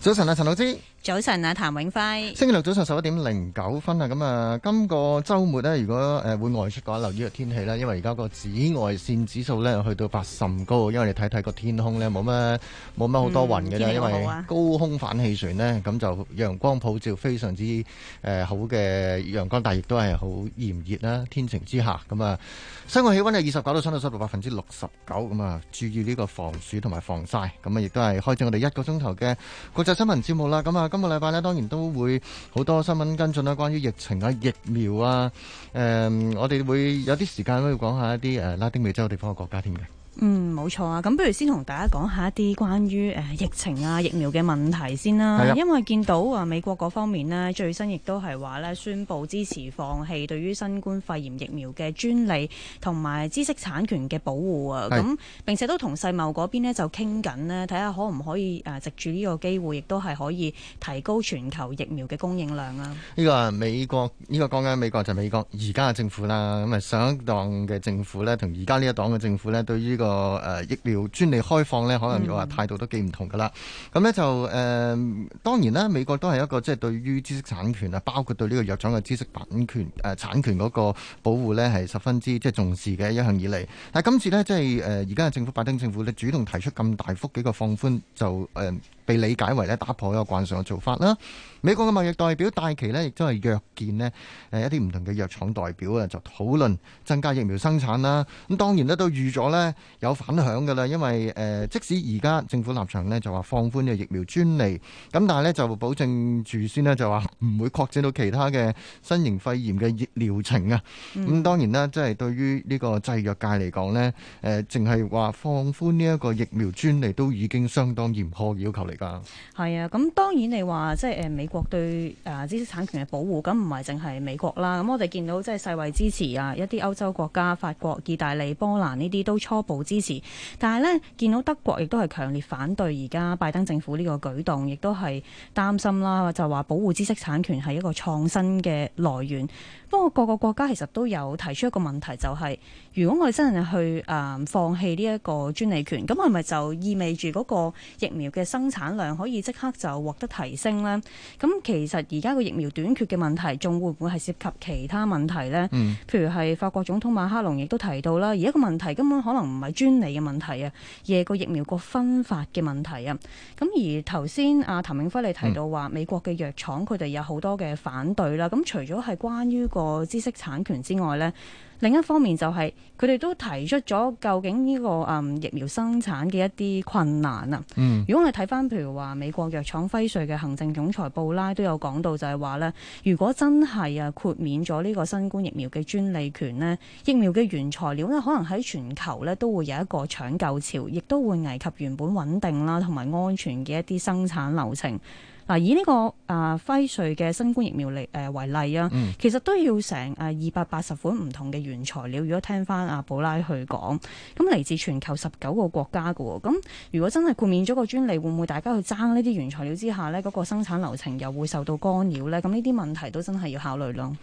早晨啊，陳老師。早晨啊，譚永輝。星期六早上十一點零九分啊，咁啊，今個周末咧，如果誒會外出嘅話，留意個天氣啦。因為而家個紫外線指數咧去到八甚高，因為你睇睇個天空咧冇乜冇乜好多雲嘅啫。嗯、因為高空反氣旋咧，咁就陽光普照，非常之誒好嘅陽光，但亦都係好炎熱啦。天晴之下，咁啊，香港氣溫係二十九到三到三度，濕度百分之六十九，咁啊，注意呢個防暑同埋防曬。咁啊，亦都係開正我哋一個鐘頭嘅國際新聞節目啦。咁啊。今個禮拜咧，當然都會好多新聞跟進啦、啊。關於疫情啊、疫苗啊，誒、呃，我哋會有啲時間都要講下一啲誒、呃、拉丁美洲地方嘅國家添嘅。嗯。冇錯啊！咁不如先同大家講下一啲關於誒疫情啊、疫苗嘅問題先啦。的因為見到啊美國嗰方面呢，最新亦都係話咧，宣布支持放棄對於新冠肺炎疫苗嘅專利同埋知識產權嘅保護啊。咁的並且都同世貿嗰邊咧就傾緊呢，睇下可唔可以誒藉住呢個機會，亦都係可以提高全球疫苗嘅供應量啊。呢個係、啊、美國呢、呢個講緊美國就美國而家嘅政府啦。咁啊上一檔嘅政府呢，同而家呢一檔嘅政府呢，對呢、呢個、呃誒、啊、疫苗專利開放呢，可能又話態度都幾唔同噶啦。咁呢、嗯、就誒、呃，當然啦，美國都係一個即係、就是、對於知識產權啊，包括對呢個藥廠嘅知識版權誒、呃、產權嗰個保護呢，係十分之即係、就是、重視嘅一向以嚟。但係今次呢，即係誒而家嘅政府拜登政府你主動提出咁大幅幾個放寬，就誒。呃被理解為咧，打破一個慣常嘅做法啦。美國嘅貿易代表戴琪呢，亦都係約見呢，誒一啲唔同嘅藥廠代表啊，就討論增加疫苗生產啦。咁當然呢，都預咗呢有反響噶啦，因為誒、呃、即使而家政府立場呢，就話放寬呢個疫苗專利，咁但係呢，就保證住先呢，就話唔會擴展到其他嘅新型肺炎嘅療程啊。咁、嗯、當然啦，即係對於呢個製藥界嚟講呢，誒淨係話放寬呢一個疫苗專利都已經相當嚴苛要求嚟。係啊，咁當然你話即係誒美國對誒知識產權嘅保護，咁唔係淨係美國啦。咁我哋見到即係世衞支持啊，一啲歐洲國家，法國、意大利、波蘭呢啲都初步支持。但係呢，見到德國亦都係強烈反對而家拜登政府呢個舉動，亦都係擔心啦。就話保護知識產權係一個創新嘅來源。不過各個國家其實都有提出一個問題，就係、是、如果我哋真係去誒、呃、放棄呢一個專利權，咁係咪就意味住嗰個疫苗嘅生產量可以即刻就獲得提升咧，咁其實而家個疫苗短缺嘅問題仲會唔會係涉及其他問題咧？嗯，譬如係法國總統馬克龍亦都提到啦，而一個問題根本可能唔係專利嘅問題啊，而係個疫苗個分發嘅問題啊。咁而頭先阿譚永輝你提到話美國嘅藥廠佢哋有好多嘅反對啦，咁，嗯，除咗係關於個知識產權之外咧。另一方面就係佢哋都提出咗究竟呢、呢個誒、嗯、疫苗生產嘅一啲困難啊。嗯、如果我哋睇翻譬如話美國藥廠輝瑞嘅行政總裁布拉都有講到，就係話咧，如果真係啊豁免咗呢個新冠疫苗嘅專利權呢，疫苗嘅原材料咧可能喺全球咧都會有一個搶救潮，亦都會危及原本穩定啦同埋安全嘅一啲生產流程。嗱，以呢個誒輝瑞嘅新冠疫苗嚟誒為例啊，嗯、其實都要成誒二百八十款唔同嘅原材料。如果聽翻阿布拉去講，咁嚟自全球十九個國家嘅喎，咁如果真係豁免咗個專利，會唔會大家去爭呢啲原材料之下呢嗰、嗰個生產流程又會受到干擾呢？咁呢啲問題都真係要考慮咯。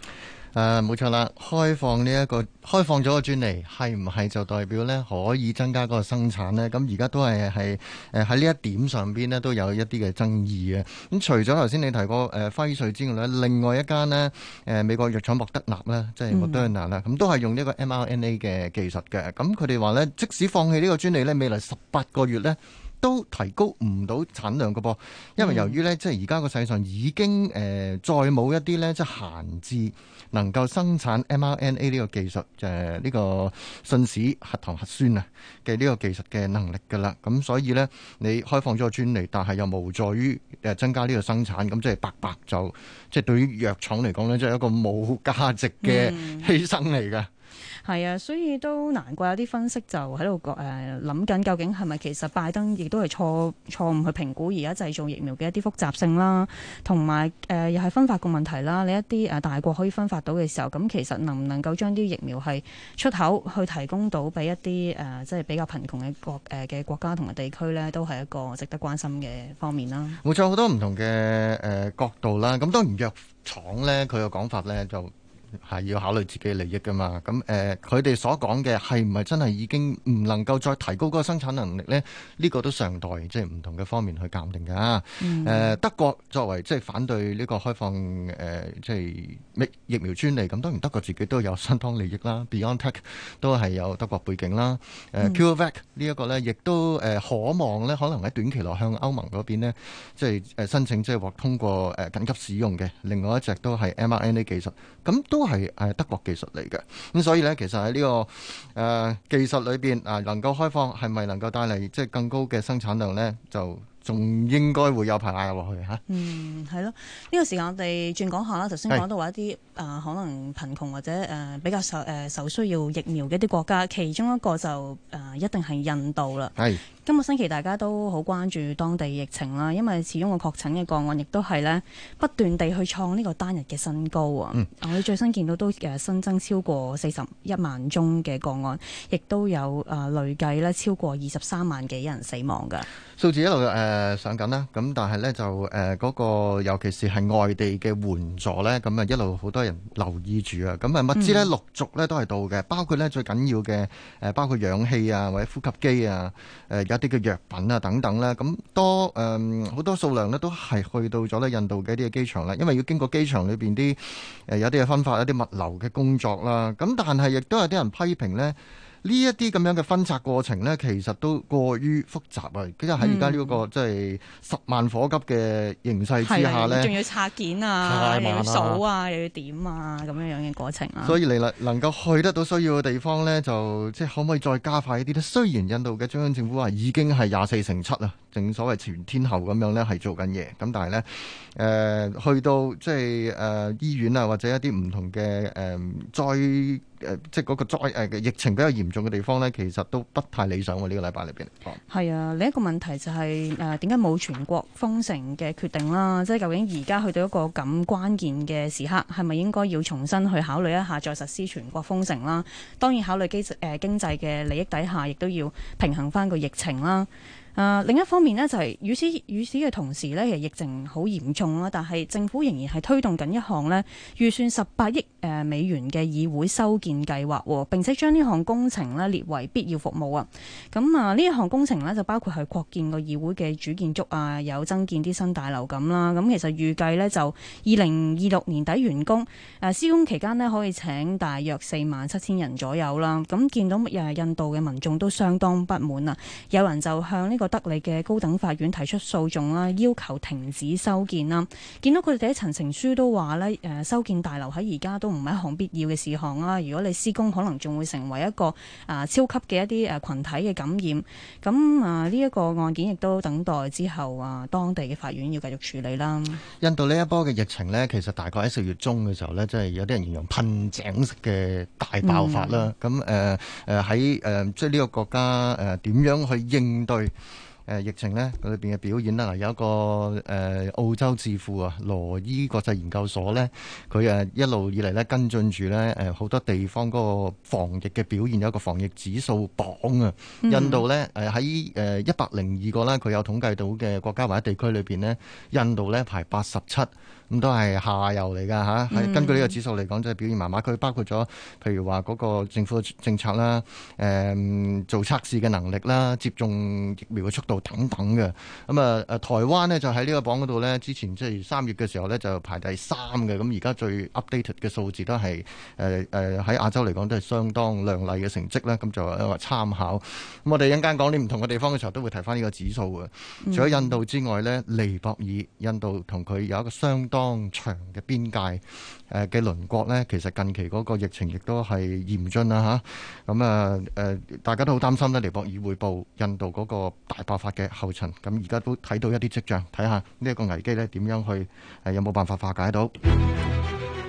誒冇、啊、錯啦，開放呢、這、一個開放咗個專利，係唔係就代表呢？可以增加嗰個生產呢？咁而家都係係誒喺呢一點上邊呢，都有一啲嘅爭議嘅。咁除咗頭先你提過誒、呃、輝瑞之外咧，另外一間呢，誒、呃、美國藥廠莫德納呢，即係莫德 d e 啦，咁、嗯、都係用呢個 mRNA 嘅技術嘅。咁佢哋話呢，即使放棄呢個專利咧，未來十八個月呢，都提高唔到產量嘅噃，因為由於咧，即係而家個世界上已經誒、呃、再冇一啲咧，即係閒置能夠生產 mRNA 呢個技術誒呢、呃這個信使核糖核酸啊嘅呢個技術嘅能力噶啦。咁所以咧，你開放咗個專利，但係又無助於誒增加呢個生產，咁即係白白就即係對於藥廠嚟講咧，即係一個冇價值嘅犧牲嚟㗎。嗯係啊，所以都難怪有啲分析就喺度誒諗緊，究竟係咪其實拜登亦都係錯錯誤去評估而家製造疫苗嘅一啲複雜性啦，同埋誒又係分發個問題啦。你一啲誒大國可以分發到嘅時候，咁其實能唔能夠將啲疫苗係出口去提供到俾一啲誒、呃、即係比較貧窮嘅國誒嘅、呃、國家同埋地區咧，都係一個值得關心嘅方面啦。冇錯，好多唔同嘅誒、呃、角度啦。咁當然藥廠咧，佢嘅講法咧就，係要考慮自己利益㗎嘛？咁、呃、誒，佢哋所講嘅係唔係真係已經唔能夠再提高嗰個生產能力呢？呢、這個都尚待即係唔同嘅方面去鑑定嘅啊、嗯呃！德國作為即係反對呢個開放誒，即、呃、係、就是、疫苗專利，咁當然德國自己都有新湯利益啦。Beyond Tech 都係有德國背景啦。誒，CureVac 呢一個呢，亦都誒可望咧，可能喺短期內向歐盟嗰邊咧，即係誒申請即係獲通過誒緊急使用嘅。另外一隻都係 mRNA 技術，咁都。都係誒德國技術嚟嘅，咁所以咧，其實喺呢個誒、呃、技術裏邊啊，能夠開放係咪能夠帶嚟即係更高嘅生產量咧，就？仲應該會有排捱落去嚇。啊、嗯，係咯。呢、這個時間我哋轉講下啦。頭先講到話一啲誒是、呃、可能貧窮或者誒、呃、比較受誒、呃、受需要疫苗嘅一啲國家，其中一個就誒、呃、一定係印度啦。係是。今個星期大家都好關注當地疫情啦，因為始終個確診嘅個案亦都係咧不斷地去創呢個單日嘅新高、嗯、啊！我哋最新見到都誒新增超過四十一萬宗嘅個案，亦都有誒累計咧超過二十三萬幾人死亡噶。數字一路誒上緊啦，咁但係咧就誒嗰個，尤其是係外地嘅援助咧，咁啊一路好多人留意住啊，咁啊物資咧陸續咧都係到嘅，包括咧最緊要嘅誒，包括氧氣啊，或者呼吸機啊，誒一啲嘅藥品啊等等啦，咁多誒好多數量咧都係去到咗咧印度嘅一啲嘅機場啦，因為要經過機場裏邊啲誒有啲嘅分發、有啲物流嘅工作啦，咁但係亦都有啲人批評咧。呢一啲咁樣嘅分拆過程咧，其實都過於複雜啊！因為喺而家呢個即係、就是、十萬火急嘅形勢之下咧，仲、嗯、要拆件啊，又要數啊，又要點啊咁樣樣嘅過程啊。所以嚟啦，能夠去得到需要嘅地方咧，就即係可唔可以再加快一啲咧？雖然印度嘅中央政府話已經係廿四乘七啦。正所謂全天候咁樣呢，係做緊嘢咁，但係呢，誒、呃、去到即係誒醫院啊，或者一啲唔同嘅誒、呃、災誒、呃，即係嗰個災、呃、疫情比較嚴重嘅地方呢，其實都不太理想，啊。我、這、呢個禮拜裏邊，係啊，另一個問題就係誒點解冇全國封城嘅決定啦？即、就、係、是、究竟而家去到一個咁關鍵嘅時刻，係咪應該要重新去考慮一下再實施全國封城啦？當然考慮基誒、呃、經濟嘅利益底下，亦都要平衡翻個疫情啦。誒、啊、另一方面咧，就係、是、與此與此嘅同時咧，其實疫情好嚴重啦。但係政府仍然係推動緊一項咧預算十八億誒美元嘅議會修建計劃，並且將呢項工程咧列為必要服務啊。咁啊，呢一項工程咧就包括係擴建個議會嘅主建築啊，有增建啲新大樓咁啦。咁、啊、其實預計呢，就二零二六年底完工。施、啊、工期間咧可以請大約四萬七千人左右啦。咁、啊、見到印度嘅民眾都相當不滿啊，有人就向呢、這個德里嘅高等法院提出訴訟啦，要求停止修建啦。見到佢哋第一層情書都話咧，誒，修建大樓喺而家都唔係一項必要嘅事項啦。如果你施工，可能仲會成為一個啊超級嘅一啲誒羣體嘅感染。咁啊，呢、這、一個案件亦都等待之後啊，當地嘅法院要繼續處理啦。印度呢一波嘅疫情呢，其實大概喺四月中嘅時候呢，即、就、係、是、有啲人形容噴井式嘅大爆發啦。咁誒誒喺誒即係呢個國家誒點、呃、樣去應對？誒疫情咧，佢裏邊嘅表現啦，嗱，有一個誒澳洲智庫啊，羅伊國際研究所咧，佢誒一路以嚟咧跟進住咧，誒好多地方嗰個防疫嘅表現，有一個防疫指數榜啊，印度咧誒喺誒一百零二個啦，佢有統計到嘅國家或者地區裏邊呢，印度咧排八十七。咁都係下游嚟噶吓，係根據呢個指數嚟講，即係表現麻麻。佢包括咗，譬如話嗰個政府嘅政策啦，誒、嗯、做測試嘅能力啦，接種疫苗嘅速度等等嘅。咁、嗯、啊，誒台灣咧就喺呢個榜嗰度咧，之前即係三月嘅時候咧就排第三嘅。咁而家最 updated 嘅數字都係誒誒喺亞洲嚟講都係相當靚麗嘅成績啦。咁就話參考。咁我哋一陣間講啲唔同嘅地方嘅時候，都會提翻呢個指數嘅。除咗印度之外咧，尼泊爾印度同佢有一個相當。當場嘅邊界，誒嘅鄰國呢，其實近期嗰個疫情亦都係嚴峻啦嚇，咁啊誒、啊，大家都好擔心呢，尼泊爾會步印度嗰個大爆發嘅後塵，咁而家都睇到一啲跡象，睇下呢一個危機咧點樣去誒、啊、有冇辦法化解到。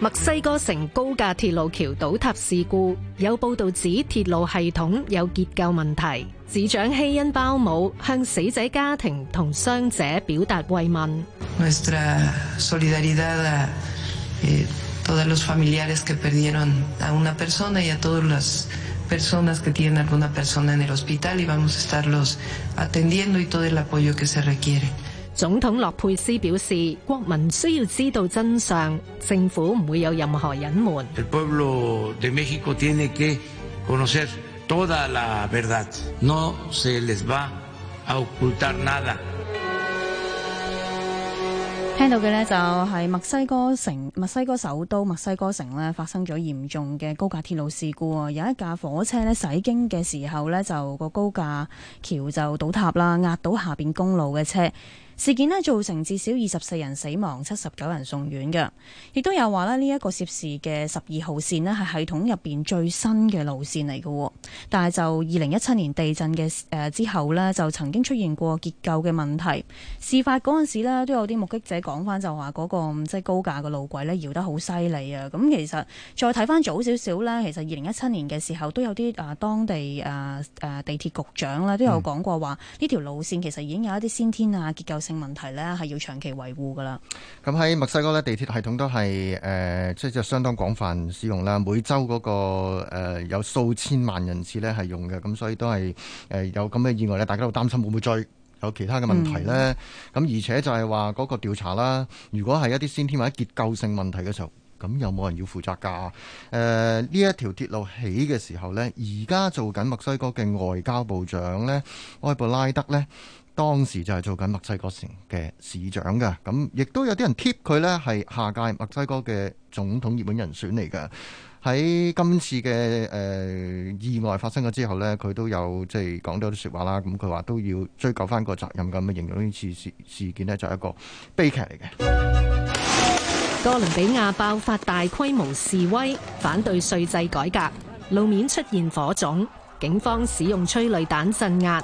墨西哥城高架鐵路橋倒塌事故，有報道指鐵路系統有結構問題。市長希恩包姆向死者家庭同傷者表達慰問。總統洛佩斯表示：國民需要知道真相，政府唔會有任何隱瞞。No、聽到嘅呢就係、是、墨西哥城、墨西哥首都墨西哥城呢發生咗嚴重嘅高架鐵路事故，有一架火車呢駛經嘅時候呢就個高架橋就倒塌啦，壓到下邊公路嘅車。事件呢，造成至少二十四人死亡、七十九人送院嘅，亦都有話咧呢一個涉事嘅十二號線呢，係系統入邊最新嘅路線嚟嘅。但係就二零一七年地震嘅誒、呃、之後呢，就曾經出現過結構嘅問題。事發嗰陣時咧，都有啲目擊者講翻就話嗰、嗰個即係高架嘅路軌咧搖得好犀利啊！咁其實再睇翻早少少咧，其實二零一七年嘅時候都有啲啊當地啊誒、啊、地鐵局長呢，都有講過話，呢條、嗯、路線其實已經有一啲先天啊結構。性問題呢，係要長期維護噶啦。咁喺墨西哥呢，地鐵系統都係誒、呃，即係相當廣泛使用啦。每週嗰、那個、呃、有數千萬人次呢係用嘅，咁所以都係誒、呃、有咁嘅意外呢，大家都擔心會唔會追，有其他嘅問題呢？咁、嗯、而且就係話嗰個調查啦，如果係一啲先天或者結構性問題嘅時候，咁有冇人要負責噶？誒、呃、呢一條鐵路起嘅時候呢，而家做緊墨西哥嘅外交部長呢，埃布拉德呢，當時就係做緊墨西哥城嘅市長嘅，咁亦都有啲人貼佢呢係下屆墨西哥嘅總統熱門人選嚟嘅。喺今次嘅誒、呃、意外發生咗之後呢，佢都有即係講多啲説話啦。咁佢話都要追究翻個責任咁啊，形容呢次事事件呢，就係、是、一個悲劇嚟嘅。哥倫比亞爆發大規模示威，反對稅制改革，路面出現火種，警方使用催淚彈鎮壓。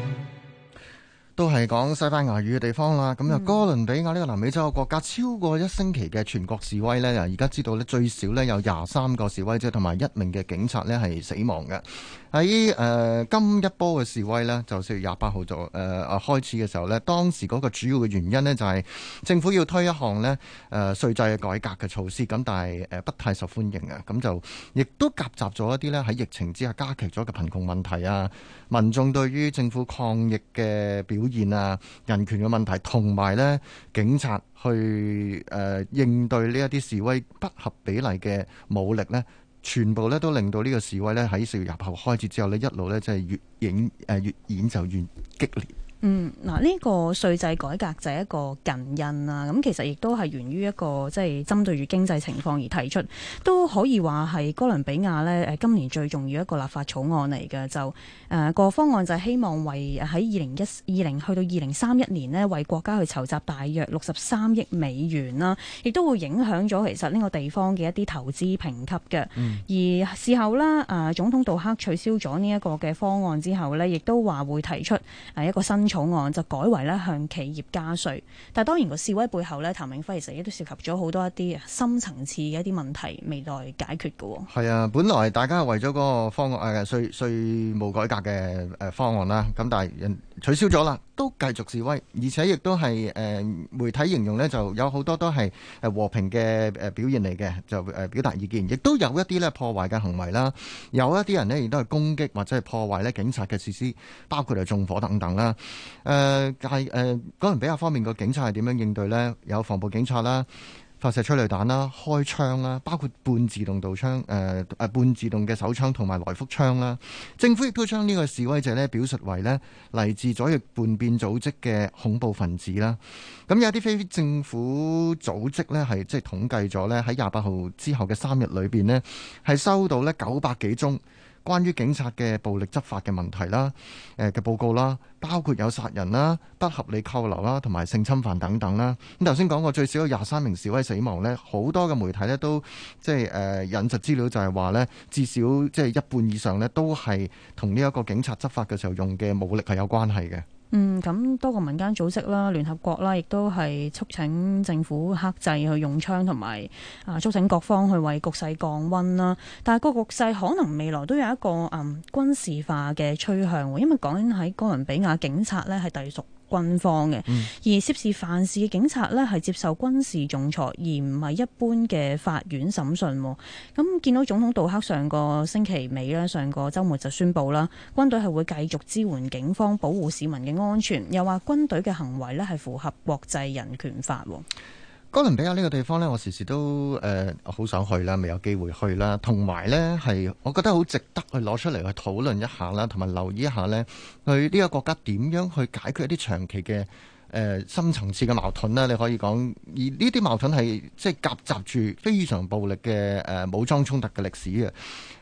都係講西班牙語嘅地方啦。咁啊，哥倫比亞呢個南美洲嘅國家，超過一星期嘅全國示威呢，啊，而家知道呢最少呢有廿三個示威者同埋一名嘅警察呢係死亡嘅。喺誒、呃、今一波嘅示威呢，就四月廿八號就誒開始嘅時候呢，當時嗰個主要嘅原因呢，就係、是、政府要推一項呢誒稅、呃、制改革嘅措施，咁但係誒、呃、不太受歡迎啊，咁就亦都夾雜咗一啲呢，喺疫情之下加劇咗嘅貧窮問題啊，民眾對於政府抗疫嘅表現啊、人權嘅問題，同埋呢警察去誒、呃、應對呢一啲示威不合比例嘅武力呢。全部咧都令到呢個示威咧喺四月廿八號開始之後咧一路咧即係越演誒越演就越激烈。嗯，嗱，呢個稅制改革就係一個近因啊，咁其實亦都係源於一個即係針對住經濟情況而提出，都可以話係哥倫比亞咧誒今年最重要一個立法草案嚟嘅，就誒個、呃、方案就係希望為喺二零一二零去到二零三一年咧為國家去籌集大約六十三億美元啦，亦都會影響咗其實呢個地方嘅一啲投資評級嘅。嗯、而事後啦，誒、呃、總統杜克取消咗呢一個嘅方案之後呢，亦都話會提出誒一個新草案就改為咧向企業加稅，但係當然個示威背後咧，譚永輝其實亦都涉及咗好多一啲深層次嘅一啲問題未來解決嘅喎、哦。係啊，本來大家係為咗嗰個方案誒稅稅務改革嘅誒方案啦，咁但係取消咗啦，都繼續示威，而且亦都係誒、呃、媒體形容呢，就有好多都係誒和平嘅誒表現嚟嘅，就誒表達意見，亦都有一啲呢破壞嘅行為啦，有一啲人呢亦都係攻擊或者係破壞呢警察嘅設施，包括係縱火等等啦。誒，但係誒，哥倫比亞方面個警察係點樣應對呢？有防暴警察啦，發射催淚彈啦，開槍啦，包括半自動步槍，誒、呃、誒，半自動嘅手槍同埋來福槍啦。政府亦都將呢個示威者呢，表述為呢嚟自左翼叛變組織嘅恐怖分子啦。咁有啲非政府組織呢，係即係統計咗呢喺廿八號之後嘅三日裏邊呢，係收到呢九百幾宗。關於警察嘅暴力執法嘅問題啦，誒、呃、嘅報告啦，包括有殺人啦、不合理扣留啦，同埋性侵犯等等啦。咁頭先講過最少有廿三名示威死亡呢，好多嘅媒體呢都即係誒引述資料就係話呢，至少即係一半以上呢都係同呢一個警察執法嘅時候用嘅武力係有關係嘅。嗯，咁多個民間組織啦、聯合國啦，亦都係促請政府克制去用槍，同埋啊促請各方去為局勢降温啦。但係個局勢可能未來都有一個嗯軍事化嘅趨向，因為講緊喺哥倫比亞警察呢係隸屬軍方嘅，而涉事犯事嘅警察呢，係接受軍事仲裁，而唔係一般嘅法院審訊。咁、啊、見到總統杜克上個星期尾呢，上個週末就宣布啦，軍隊係會繼續支援警方保護市民嘅安全，又話軍隊嘅行為呢，係符合國際人權法。哥倫比亞呢個地方呢，我時時都誒好想去啦，未有機會去啦。同埋呢，係我覺得好值得去攞出嚟去討論一下啦，同埋留意一下呢，佢呢個國家點樣去解決一啲長期嘅誒深層次嘅矛盾咧？你可以講，而呢啲矛盾係即係夾雜住非常暴力嘅誒武裝衝突嘅歷史嘅。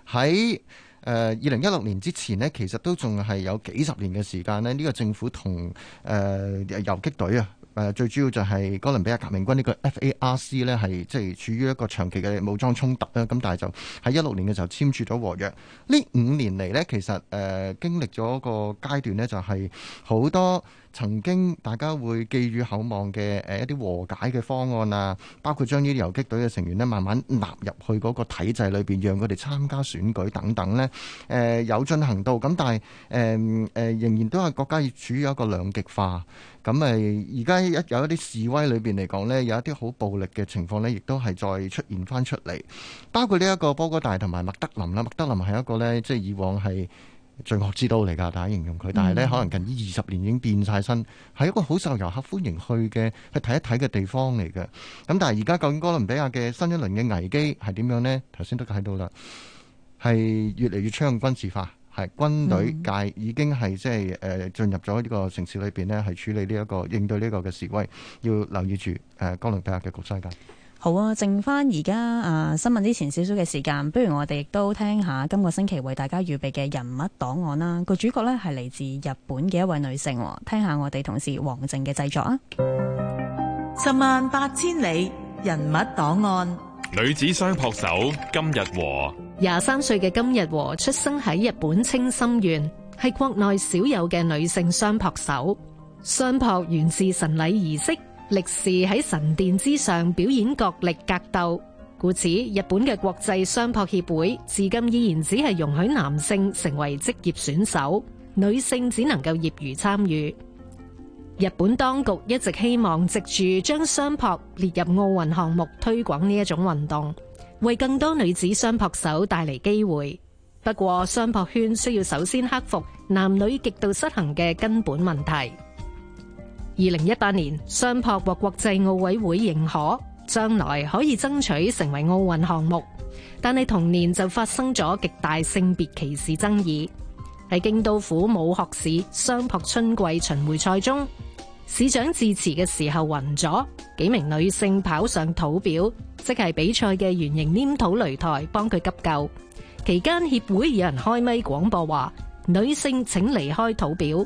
喺誒二零一六年之前呢，其實都仲係有幾十年嘅時間呢，呢個政府同誒遊擊隊啊。誒、呃、最主要就係哥倫比亞革命軍呢個 FARC 呢係即係處於一個長期嘅武裝衝突啦。咁但係就喺一六年嘅時候簽署咗和約。呢五年嚟呢，其實誒、呃、經歷咗個階段呢，就係好多，曾經大家會寄予厚望嘅誒一啲和解嘅方案啊，包括將呢啲游擊隊嘅成員咧慢慢納入去嗰個體制裏邊，讓佢哋參加選舉等等呢誒、呃、有進行到咁，但係誒誒仍然都係國家要處於一個兩極化。咁誒而家一有一啲示威裏邊嚟講呢有一啲好暴力嘅情況呢亦都係再出現返出嚟。包括呢一個波哥大同埋麥德林啦，麥德林係一個呢，即係以往係。罪惡之都嚟㗎，大家形容佢，但係呢，可能近二十年已經變晒身，係、嗯、一個好受遊客歡迎去嘅、去睇一睇嘅地方嚟嘅。咁但係而家究竟哥倫比亞嘅新一輪嘅危機係點樣呢？頭先都睇到啦，係越嚟越趨向軍事化，係軍隊界已經係即係誒進入咗呢個城市裏邊呢，係處理呢、這、一個應對呢個嘅示威，要留意住誒、呃、哥倫比亞嘅局勢㗎。好啊，剩翻而家啊新聞之前少少嘅時間，不如我哋亦都聽下今個星期為大家預備嘅人物檔案啦。個主角咧係嚟自日本嘅一位女性，聽下我哋同事王靖嘅製作啊。十萬八千里人物檔案，女子相撲手今日和。廿三歲嘅今日和出生喺日本清心縣，係國內少有嘅女性相撲手。相撲源自神禮儀式。力士喺神殿之上表演角力格鬥，故此日本嘅國際相撲協會至今依然只係容許男性成為職業選手，女性只能夠業餘參與。日本當局一直希望藉住將相撲列入奧運項目，推廣呢一種運動，為更多女子相撲手帶嚟機會。不過，相撲圈需要首先克服男女極度失衡嘅根本問題。二零一八年，相撲獲國際奧委會認可，將來可以爭取成為奧運項目。但係同年就發生咗極大性別歧視爭議，喺京都府武學市相撲春季巡回賽中，市長致辭嘅時候暈咗，幾名女性跑上土俵，即係比賽嘅圓形黏土擂台，幫佢急救。期間協會有人開咪廣播話：女性請離開土俵。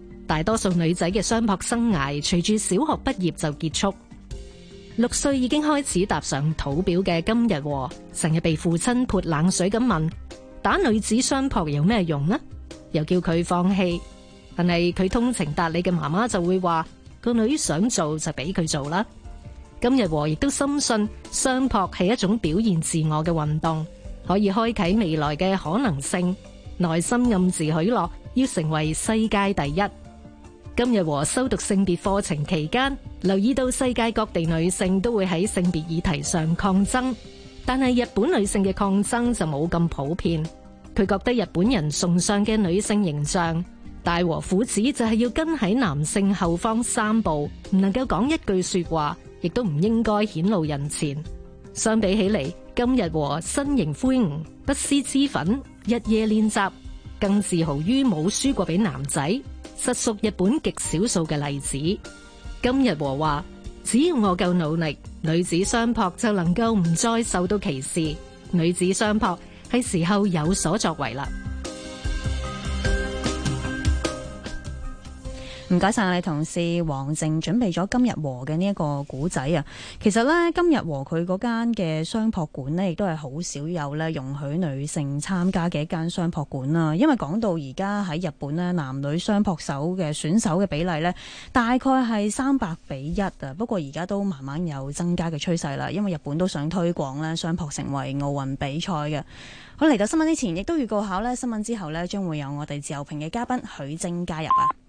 大多數女仔嘅相撲生涯隨住小學畢業就結束。六歲已經開始踏上土表嘅今日和，成日被父親潑冷水咁問打女子相撲有咩用呢？又叫佢放棄。但係佢通情達理嘅媽媽就會話個女想做就俾佢做啦。今日和亦都深信相撲係一種表現自我嘅運動，可以開啟未來嘅可能性。內心暗自許諾要成為世界第一。今日和修讀性別課程期間，留意到世界各地女性都會喺性別議題上抗爭，但係日本女性嘅抗爭就冇咁普遍。佢覺得日本人崇尚嘅女性形象，大和撫子就係要跟喺男性後方三步，唔能夠講一句說話，亦都唔應該顯露人前。相比起嚟，今日和身形魁梧，不施脂粉、日夜練習，更自豪於冇輸過俾男仔。實屬日本極少數嘅例子。今日和話，只要我夠努力，女子相撲就能夠唔再受到歧視。女子相撲係時候有所作為啦。唔該曬，謝謝你同事王靖準備咗今日和嘅呢一個古仔啊。其實呢，今日和佢嗰間嘅相撲館呢，亦都係好少有呢容許女性參加嘅一間相撲館啦。因為講到而家喺日本呢，男女相撲手嘅選手嘅比例呢，大概係三百比一啊。不過而家都慢慢有增加嘅趨勢啦，因為日本都想推廣呢相撲成為奧運比賽嘅。好，嚟到新聞之前，亦都預告下呢，新聞之後呢，將會有我哋自由評嘅嘉賓許晶加入啊。